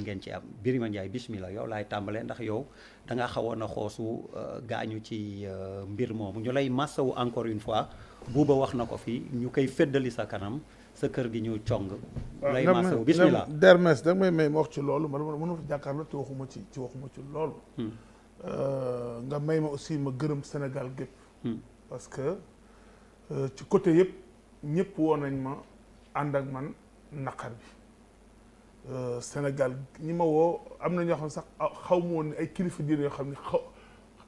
ngeen ci am Birima Ndiaye bismillah yow laay tàmbalee ndax yow da nga xawoon a xoosu euh, gaañu ci euh, mbir moomu ñu lay massawu encore une fois buuba wax na ko fii ñu koy feddali sa kanam sa kër gi ñu cong lay massawu bismillah dermes da may may ma wax ci loolu man mënu fa jàkkaarloo te waxuma ci ci waxuma ci loolu hmm. euh, nga may ma aussi ma gërëm senegal gépp hmm. parce que ci côté yëpp ñëpp woon nañ ma ànd ak man naqar bi Euh, Sénégal ñi ma woo am na ñoo xam sax ah, xaw ma woon ni ay kilifa diine yoo xam ne xaw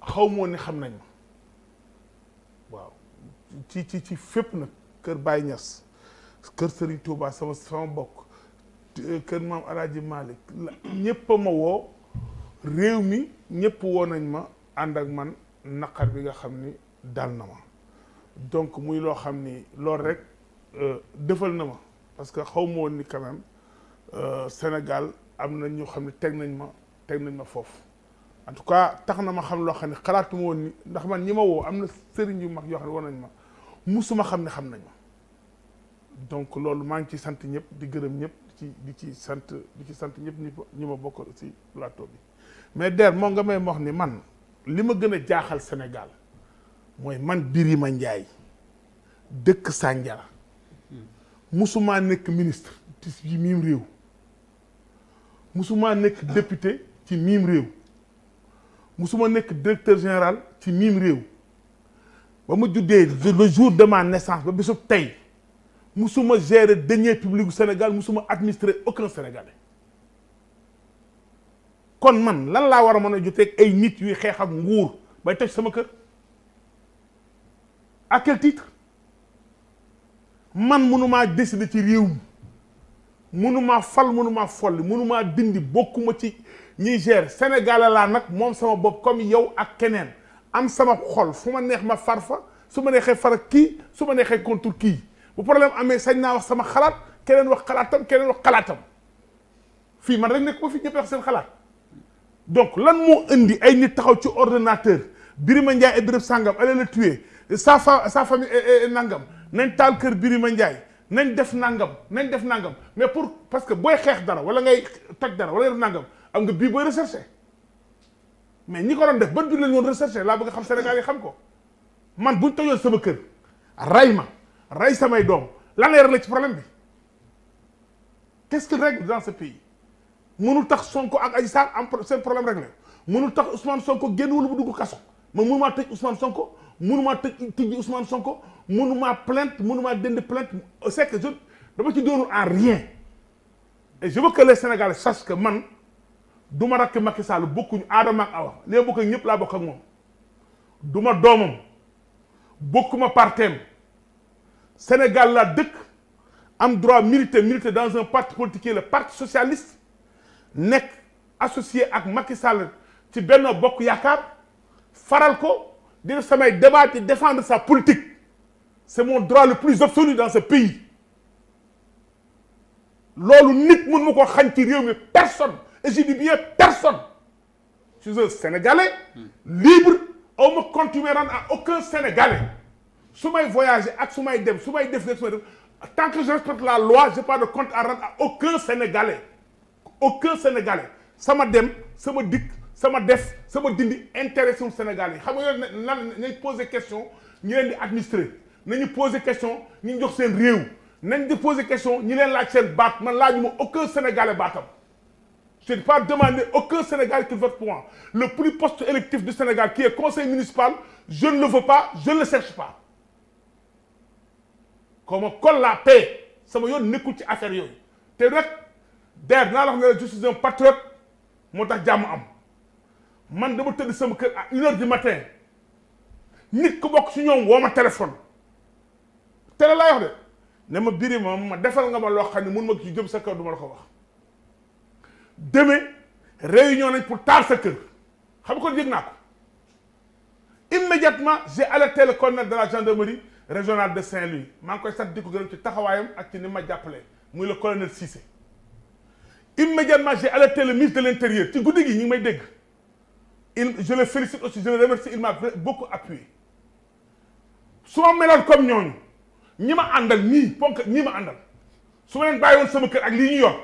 xaw ma ni xam nañ ma waaw ci ci ci fépp nag kër Baye ñas kër Serigne Touba sama sama bokk euh, kër maam Alaaji Malick ñëpp a ma woo réew mi ñëpp woo nañ ma ànd ak man naqar bi nga xam ni daal na ma donc muy loo xam ni loolu rek euh, defal na ma parce que xaw ma woon ni quand Euh, Sénégal am na ñoo xam ne teg nañ ma teg nañ ma foofu en tout cas tax na ma xam loo xam ne xalaatuma woon ni ndax man ñi ma woo am na sëriñ yu mag yoo xam ne woon nañ ma musuma xam ne xam nañ ma donc loolu maa ngi ci sant ñëpp di gërëm ñëpp di ci di ci sant di ci sant ñëpp ñi ñi ma bokk ci plateau bi mais der moo nga may wax ni man li ma gën a jaaxal Sénégal mooy man biir yi ma Ndiaye dëkk Sandiara hmm. musuma nekk ministre ci mim réew musuma nekk député ci miim réew musuma nekk directeur général ci miim réew ba ma juddee le jour de ma naissance ba bisub tey musuma gérer deniers publics bu Sénégal musuma administrer aucun Sénégalais kon man lan laa war a mën a joteeg ay nit yuy xeex ak nguur bay toj sama kër à quel titre man mënumaa décider ci réew mi mënumaa fal mënumaa folli mënumaa dindi bokkuma ci ñiy gérer Sénégal nag moom sama bopp comme yow ak keneen am sama xol fu ma neex ma far fa su ma neexee far kii su ma neexee contre kii bu problème amee sañ naa wax sama xalaat keneen wax xalaatam keneen wax xalaatam fii man rek nekk ma fi ñëpp wax seen xalaat donc lan moo indi ay nit taxaw ci ordinateur Birima Ndiaye et béréb sàngam allez le tuer sa sa famille nangam nañ taal kër Birima Ndiaye nañ def nangam nañ def nangam mais pour parce que booy xeex dara wala ngay toj dara wala ngay def nangam am nga bii booy recherché mais ñi ko doon def ba bi lañ woon recherché laa bëgg xam Sénégal yi xam ko man buñ tojoon sama kër ray ma ray samay doom lan lay régler ci problème bi qu'est-ce qu'il règle dans ce pays mënul tax Sonko ak Adji Sarr am seen problème réglé mënul tax Ousmane Sonko génn wala bu dugg kaso man mënumaa tëj Ousmane Sonko mënumaa tëj tijji Ousmane Sonko mënumaa plainte mënumaa dindi plainte c'est que je dama ci doonul en rien et je veux que les Sénégalais sachent que man du ma rakk Macky Sall bokkuñu Adama ak Awa li ma bokk ak ñëpp laa bokk ak moom du ma doomam bokkuma parteem Sénégal la dëkk am droit militer militer dans un parti politique le parti socialiste nekk associé ak Macky Sall ci Benno Bokk Yaakaar faral ko dina samay débat di défendre sa politique c'est mon droit le plus absolu dans ce pays loolu nit mën ma ko xañ ci réew mi personne et je dis bien personne je suis un sénégalais libre aw ma contuméran à aucun sénégalais su may voyage ak su may dem su may def rek su may def tant je respecte la loi j'ai pas de compte à rendre à aucun sénégalais aucun sénégalais sama dem sama dikk sama def sama dindi intéressé wu sénégalais xam nga yooyu nan nañ poser question ñu leen di administrer nañu poser question ñu jox seen réew nañ di poser question ñi leen laaj seen baat man laajuma aucun sénégalais baatam je n'ai pas demandé aucun sénégalais qui vote pour moi le plus post électif de Sénégal qui est conseil municipal je ne le veux pas je le cherche pas comme colle la paix sama yoon nekkul ci affaire yooyu te rek der naa la xam ne je moo tax jàmm am man dama tëdd sama kër à une heure du matin nit ku bokk ci ñoom woo ma téléphone télé laa wax de ne ma biri moom ma defal nga ma loo xam ne mun ma ci jëm sa kër du ma la ko wax demee réunion nañ pour taal sa kër xam ko yëg naa ko immédiatement j'ai alerté le colonel de la gendarmerie régionale de Saint-Louis maa ngi koy sant di ko gërëm ci taxawaayam ak ci ni ma jàppale muy le colonel Cissé immédiatement j'ai alerté le ministre de l'intérieur ci guddi gi ñu may dégg il je le félicite aussi je le remercie il m'a beaucoup appuyé su ma meloon comme ñooñu ñi ma àndal nii ponk ñi ma àndal su ma leen bàyyi woon sama kër ak lii ñu yor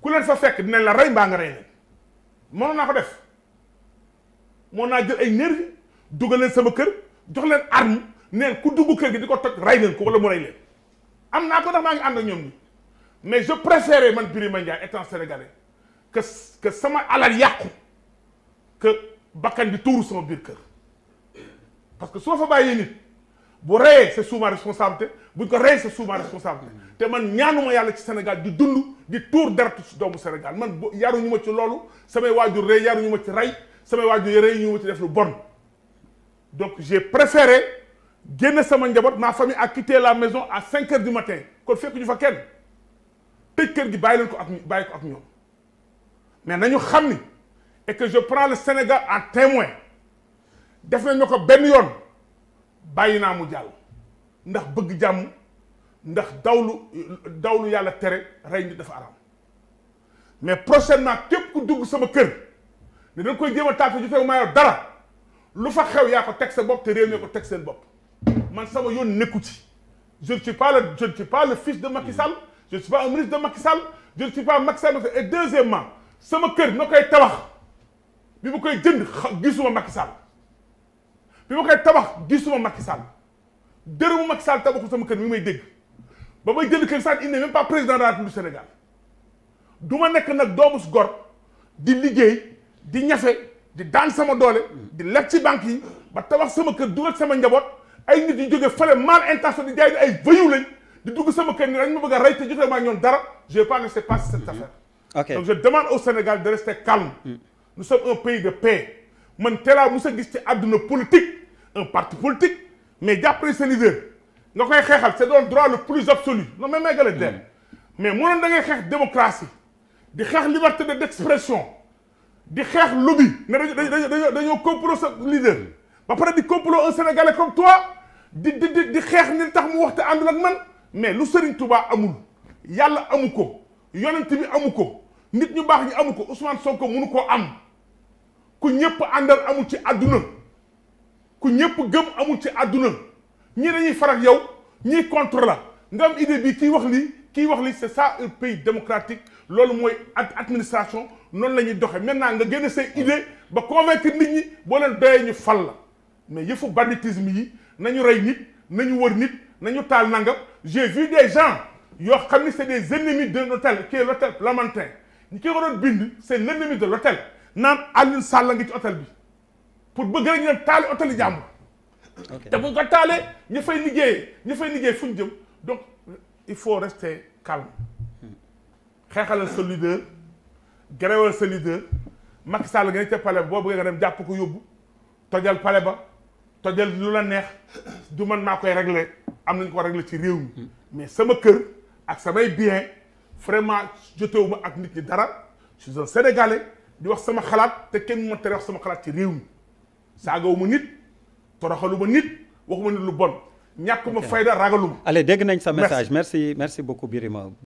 ku leen sa fekk dinañ la ray mbaa nga rey leen mënoon naa ko def moo naa jël ay nervi dugal leen sama kër jox leen arme neen ku dugg kër gi di ko toj rey leen ko wala mu rey leen am naa ko ndax maa ngi ànd ak ñoom nii mais je préférais man Birima Ndiaye étant sénégalais que que sama alal yàqu que bakkan bi tuuru sama biir kër parce que soo ma fa bàyyee nit bu reyee sa sous ma responsabilité buñ ko reyee c'est sous ma te man ñaanuma yàlla ci Sénégal di dund di tuur deret ci doomu Sénégal man yaruñu ma ci loolu samay waajur rey yaruñu ma ci rey samay waajur rey ñu ci def lu bon donc j'ai préféré génne sama njaboot ma famille ak quitté la maison à cinq heures du matin kon fekk ñu fa kenn tëj kër gi bàyyi leen ko ak bàyyi ko ak ñoom mais nañu xam ni et que je prends le Sénégal en témoin def nañ ma ko benn yoon bàyyi naa mu jàll ndax bëgg jàmm ndax dawlu dawlu yàlla tere rey nit dafa araam mais prochainement képp ku dugg sama kër ne dañ koy jéem a taatu ju teew maa yor dara lu fa xew yaa ko teg sa bopp te réew mi ko teg seen bopp man sama yoon nekku ci je ci suis pas le je ne suis pas le fils de Macky Sall je ne suis pas un ministre de Macky Sall je et deuxièmement sama kër na koy tabax bi mu koy jënd gisuma Macky Sall bi ma koy tabax gisuma Macky Sall dërëmu Macky Sall tabaxu sama kër mi may dégg ba may jënd kër Sall il n'est même pas président de la du Sénégal du ma nekk nag doomu gor di liggéey di ñafe di daan sama doole di leb ci banque yi ba tabax sama kër dugal sama njaboot ay nit yu jógee fële mal intention di jaay ay vëyu lañ di dugg sama kër ni dañ ma bëgg a rey te jotee maa ñoom dara je vais pas laisser passer cette mm-hmm. affaire. ok donc je demande au Sénégal de rester calme. Mm. nous sommes un man teelaa mus sa gis ci àdduna politique un parti politique mais jàppale sa leader nga koy xeexal c'est doon droit le plus absolu non mais may gale leen mm. mais munoon da ngay xeex démocratie di xeex liberté de d'expression di xeex lobby ne dañoo dañoo complot sa leader ba pare di complot un sénégalais comme toi di di di xeex ni tax mu waxte ànd ak man mais lu Serigne tubaab amul yàlla amu ko yonent bi amu ko nit ñu baax ñi amu ko Ousmane Sonko mënu koo am ku ñëpp àndal amul ci àdduna ku ñëpp gëm amul ci àdduna ñii dañuy faral yow ñii contre la nga am idée bi kii wax lii kii wax lii c'est ça un pays démocratique loolu mooy administration noonu la ñuy doxee maintenant nga génne say idée ba convaincre nit ñi boo leen doyee ñu fal la mais yëfu banditisme yi nañu rey nit nañu wër nit nañu taal nangam j'ai vu des gens yoo xam ni c'est des ennemis de l'hôtel qui est l'hôtel Lamantin ñi ki ko doon bind c'est l'ennemi naan Alioune Sall ngi ci hôtel bi pour bëgg rek ñu dem taale hôtel yi jàmbur. te bu ko taale ña fay liggéey fu ñu jëm donc il faut rester calme. xeexalal sa leader gréwal sa leader Macky Sall nga ne ca palais ba boo bëggee nga dem jàpp ko yóbbu tojal pale ba tojal lu la neex du man maa koy réglé am nañu ko réglé ci réew mi mais sama kër ak samay bien vraiment jotewu ma ak nit ñi dara si suis un di wax sama xalaat te kenn ma tere wax sama xalaat ci réew mi saagawu ma nit toroxalu ma nit waxuma nit lu bon ñàkkuma fayda ragalu ma allez dégg nañ sa message merci merci beaucoup Birima